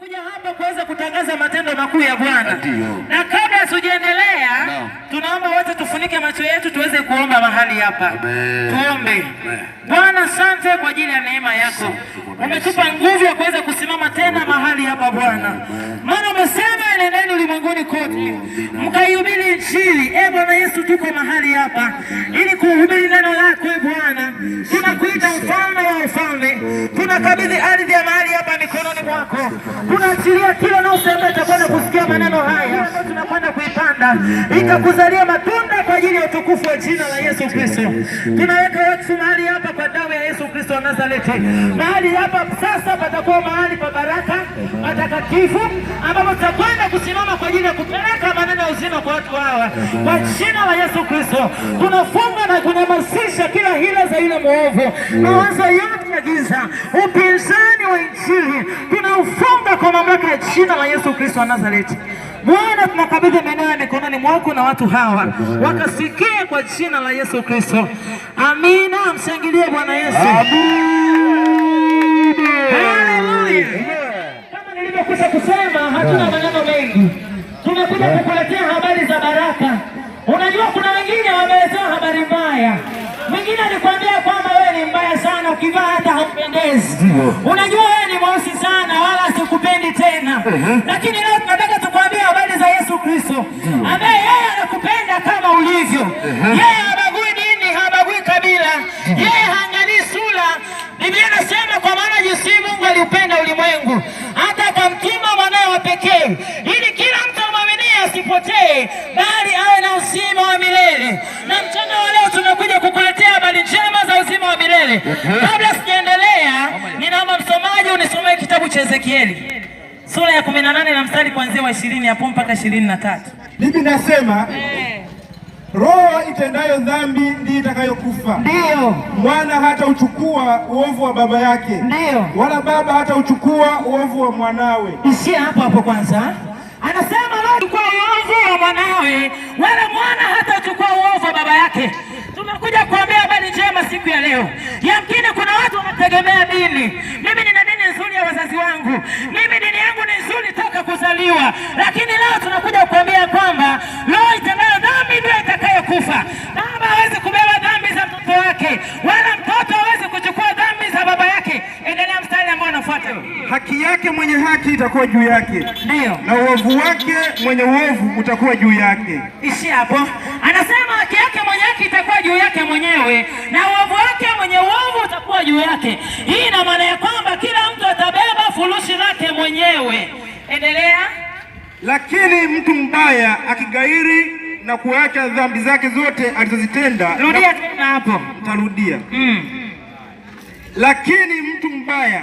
Tumekuja hapa kuweza kutangaza matendo makuu ya Bwana, na kabla tujaendelea no. tunaomba wote tufunike macho yetu tuweze kuomba mahali hapa Tuombe Bwana, asante kwa ajili ya neema yako, umetupa nguvu ya kuweza kusimama tena mahali hapa Bwana, maana umesema nendeni ulimwenguni kote oh, mkaihubiri Injili. E Bwana Yesu, tuko mahali hapa ili kuhubiri neno lako. E Bwana, tunakuita mfalme wa ufalme, oh, tunakabidhi ya mahali hapa mikononi mwako, tunaachilia kila nafsi ambayo itakwenda kusikia maneno haya, tunakwenda kuipanda ikakuzalia matunda kwa ajili ya utukufu wa jina la Yesu Kristo. Tunaweka wakfu mahali hapa kwa damu ya Yesu Kristo wa Nazareti. Mahali hapa sasa patakuwa mahali pa baraka patakatifu, ambapo tutakwenda kusimama kwa ajili ya kupeleka maneno ya uzima kwa watu hawa kwa jina la Yesu Kristo. Tunafunga na kunamasisha kila hila za yule mwovu, mawazo yote ya giza, upinzani neno injili ufunga kwa mamlaka ya jina la Yesu Kristo wa Nazareti. Bwana, tunakabidhi maeneo ya mikononi mwako na watu hawa wakasikie kwa jina la Yesu Kristo. Amina, mshangilie Bwana Yesu. Haleluya! Kama nilivyokwisha kusema, hatuna maneno mengi, tumekuja kukuletea habari za baraka. Unajua kuna wengine wameletewa habari mbaya Mwingine alikwambia kwamba wewe ni mbaya sana, ukivaa hata hampendezi, unajua wewe ni mweusi sana, wala sikupendi tena. Mhm. Lakini leo tunataka tukwambia habari za Yesu Kristo ambaye yeye anakupenda kama ulivyo. Mhm. Yeye habagui dini, habagui kabila, yeye haangalii sura. Biblia inasema kwa maana jinsi Mungu aliupenda ulimwengu hata akamtuma mwanawe wa pekee ili kila mtu amwaminie asipotee, bali awe na uzima wa milele na mchana wa milele. Kabla sijaendelea, ninaomba msomaji unisomee kitabu cha Ezekieli sura ya 18 na mstari kuanzia wa 20 hapo mpaka 23. Mimi nasema hey. Eh. Roho itendayo dhambi ndiyo itakayokufa. Ndio. Mwana hata uchukua uovu wa baba yake. Ndio. Wala baba hata uchukua uovu wa mwanawe. Ishi hapo hapo kwanza. Anasema roho uchukua uovu wa mwanawe, wala mwana hata uchukua uovu wa baba yake. Tumekuja kuambia siku ya leo. Yamkini kuna watu wanategemea dini. Mimi nina dini nzuri ya wazazi wangu, mimi dini yangu ni nzuri toka kuzaliwa, lakini leo tunakuja kukwambia kwamba roho itendayo dhambi ndio itakayokufa. Baba hawezi kubeba dhambi za mtoto wake, wala mtoto hawezi kuchukua dhambi za baba yake. Endelea mstari ambao unafuata. Haki yake mwenye haki itakuwa juu yake, ndio, na uovu wake mwenye uovu utakuwa juu yake. Ishi hapo juu yake mwenyewe na uovu wake mwenye uovu utakuwa juu yake. Hii ina maana ya kwamba kila mtu atabeba furushi lake mwenyewe. Endelea. Lakini mtu mbaya akigairi na kuacha dhambi zake zote alizozitenda. Rudia tena hapo, tarudia. Mm. Lakini mtu mbaya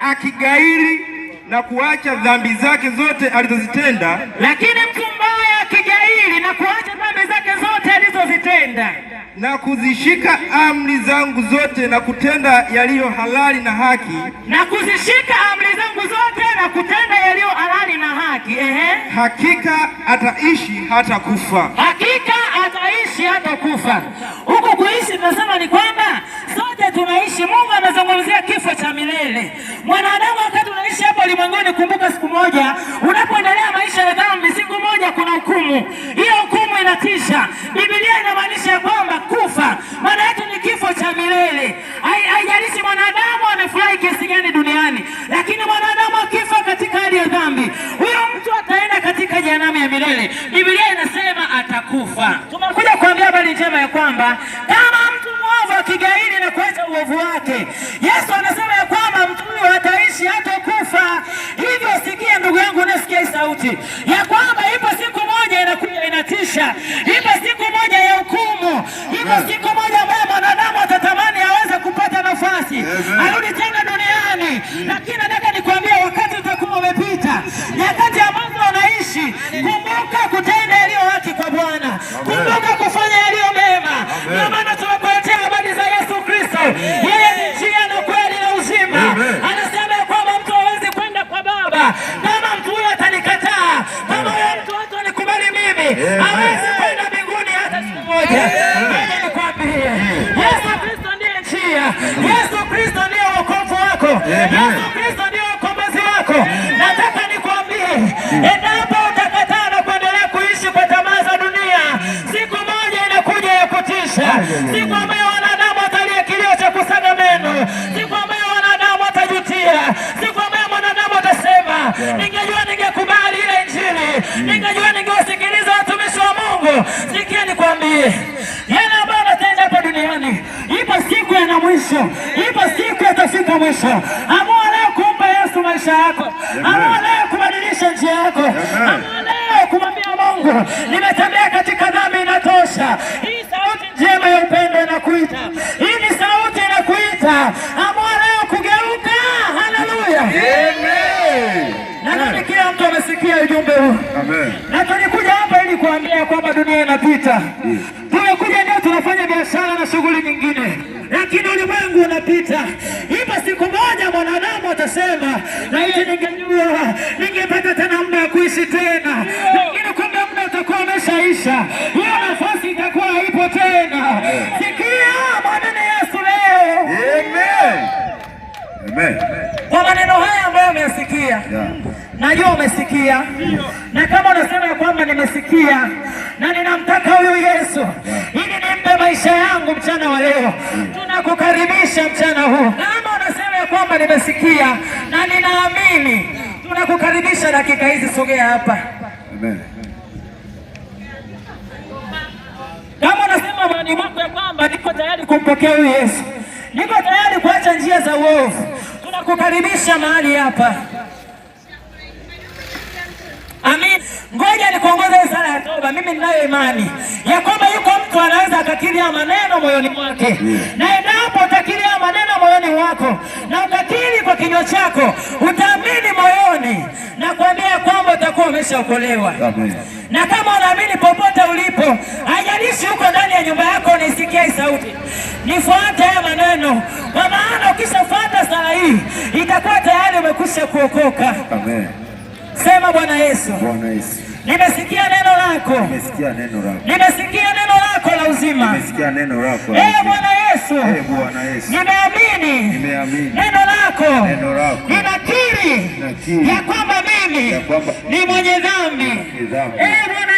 akigairi na kuacha dhambi zake zote alizozitenda. Lakini mtu mbaya akigairi na kuacha dhambi zake zote alizozitenda na kuzishika amri zangu zote na kutenda yaliyo halali na haki, na kuzishika amri zangu zote na kutenda yaliyo halali na haki. Ehe, hakika ataishi hata kufa, hakika ataishi hata kufa. Huku kuishi tunasema ni kwamba sote tunaishi. Mungu anazungumzia kifo cha milele mwanadamu, wakati unaishi hapa ulimwenguni. Kumbuka siku moja unapoendelea maisha ya dhambi, siku moja kuna hukumu hiyo kumi na tisa Biblia inamaanisha kwamba kufa maana yake ni kifo cha milele. Haijalishi mwanadamu amefurahi kiasi gani duniani, lakini mwanadamu akifa katika hali ya dhambi, huyo mtu ataenda katika jehanamu ya milele. Biblia inasema atakufa. Tumekuja kuambia habari njema ya kwamba kama mtu mwovu akigairi na kuacha uovu wake, Yesu anasema ya kwamba mtu huyo ataishi, hata kufa. Hivyo sikia ndugu yangu, unasikia sauti ya kwamba ipo siku maisha. Ipo siku moja ya hukumu, ipo siku moja ambayo mwanadamu atatamani aweze kupata nafasi arudi tena duniani, lakini nataka nikwambia, wakati utakuwa umepita. Nyakati ambazo wanaishi, kumbuka kutenda yaliyo haki kwa Bwana, kumbuka kufanya yaliyo mema. ningejua ningekubali ile Injili, mm. ningejua ningewasikiliza watumishi wa Mungu. Sikia nikwambie, yale ambayo anatenda hapa duniani, ipo siku yana mwisho, ipo siku yatafika mwisho. Amua leo kumpa Yesu maisha yako, amua leo kubadilisha njia yako, amua leo kumwambia Mungu, nimetembea katika yanapita, tunakuja ndio tunafanya biashara na shughuli nyingine, lakini ulimwengu unapita. Ipo siku moja mwanadamu atasema, laiti ningejua ningepata tena muda wa kuishi tena, lakini kumbe muda utakuwa umeshaisha, hiyo nafasi itakuwa haipo tena. Sikia maneno ya Yesu leo. Amen. Amen umesikia, najua umesikia, na kama unasema ya kwamba nimesikia na ninamtaka huyu Yesu ili nimpe maisha yangu mchana wa leo, tunakukaribisha mchana huu. Kama unasema ya kwamba nimesikia na ninaamini, tunakukaribisha dakika hizi, sogea hapa. Amen. Kama unasema moyoni mwako ya kwamba niko tayari kumpokea huyu Yesu, niko tayari kuacha njia za uovu, tunakukaribisha mahali hapa. Ngoja nikuongoze sala ya toba. Mimi ninayo imani ya kwamba yuko mtu anaweza akakiria maneno moyoni mwake, hmm. na endapo utakiria maneno moyoni wako na utakiri kwa kinywa chako, utaamini moyoni na kuambia kwamba utakuwa umeshaokolewa. Na kama unaamini, popote ulipo, haijalishi uko ndani ya nyumba yako, unisikia hii sauti, nifuate haya maneno, kwa maana ukishafuata sala hii itakuwa tayari umekwisha kuokoka. Amen. Sema Bwana Yesu, Bwana Yesu, nimesikia neno lako, nimesikia neno lako, nimesikia neno lako la uzima, nimesikia neno lako Eh, Bwana Yesu, eh, Bwana Yesu, nimeamini, nimeamini neno lako, neno lako, ninakiri, ninakiri ya kwamba mimi ni mwenye dhambi. Eh, Bwana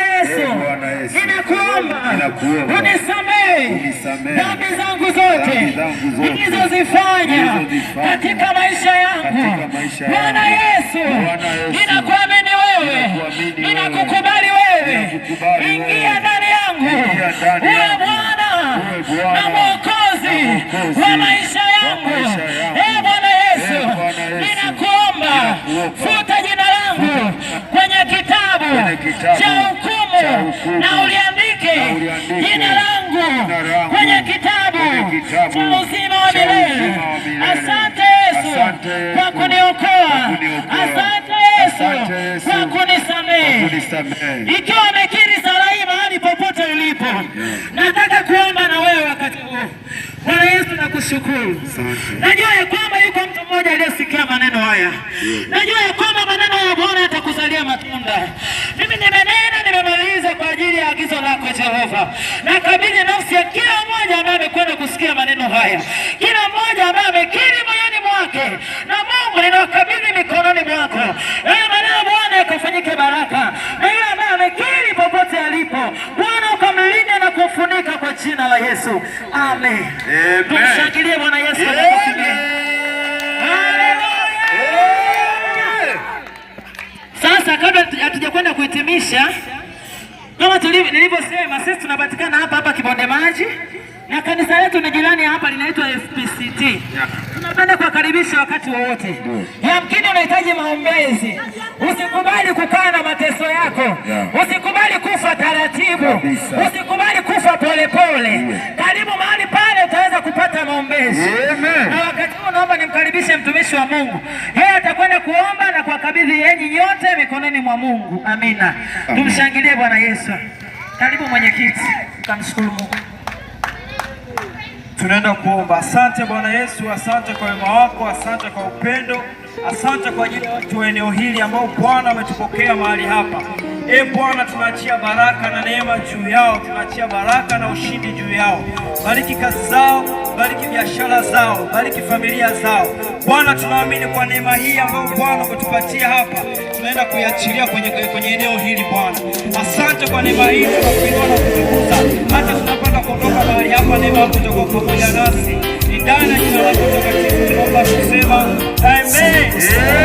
unisamehe dhambi zangu zote nilizozifanya katika maisha yangu. Bwana Yesu, ninakuamini wewe, ninakukubali wewe, ingia ndani yangu, uwe Bwana na wote uzima wa milele. Asante Yesu kwa kuniokoa, asante Yesu kwa kunisamehe. Ikiwa amekiri sala hii mahali popote ulipo, nataka kuomba na wewe wakati huu. Bwana Yesu, nakushukuru. Najua ya kwamba yuko mtu mmoja aliyesikia maneno haya, najua ya kwamba maneno ya Bwana yatakuzalia matunda. Mimi nime agizo lako Jehova. Nakabidhi nafsi ya kila mmoja ambaye amekwenda kusikia maneno haya, kila mmoja ambaye amekiri moyoni mwake, na Mungu ninawakabidhi mikononi mwako. Ee maneno Bwana yakafanyike baraka, na yule ambaye amekiri popote alipo, Bwana ukamlinda na kufunika kwa jina la Yesu, amen. Tumshangilie Bwana Yesu. Sasa kabla hatujakwenda kuhitimisha kama nilivyosema, sisi tunapatikana hapa hapa Kibonde Maji na kanisa letu ni jirani hapa, linaitwa FPCT yeah. Tunapenda kuwakaribisha wakati wowote yeah. Mm. Yamkini unahitaji maombezi, usikubali kukaa na mateso yako yeah. Usikubali kufa taratibu yeah. Usikubali kufa polepole pole. Yeah. Mm. Karibu mahali pale utaweza kupata maombezi yeah naomba nimkaribishe mtumishi wa Mungu, yeye atakwenda kuomba na kuwakabidhi yenyi nyote mikononi mwa Mungu. Amina, amina. Tumshangilie Bwana Yesu. Karibu mwenyekiti, tukamshukuru Mungu. Tunaenda kuomba. Asante Bwana Yesu, asante kwa wema wako, asante kwa upendo, asante kwa ajili ya watu wa eneo hili ambao Bwana ametupokea mahali hapa. E Bwana, tunaachia baraka na neema juu yao, tunaachia baraka na ushindi juu yao. Bariki kazi zao bariki biashara zao, bariki familia zao. Bwana, tunaamini kwa neema hii ambayo Bwana umetupatia hapa, tunaenda kuiachilia kwenye, kwenye eneo hili Bwana. Asante kwa neema hii tunapindwa na kutukuza, hata tunapata kutoka mahali hapa, neema yako itakuwa pamoja nasi. Ni ndani ya jina lako takatifu tunaomba kusema amen.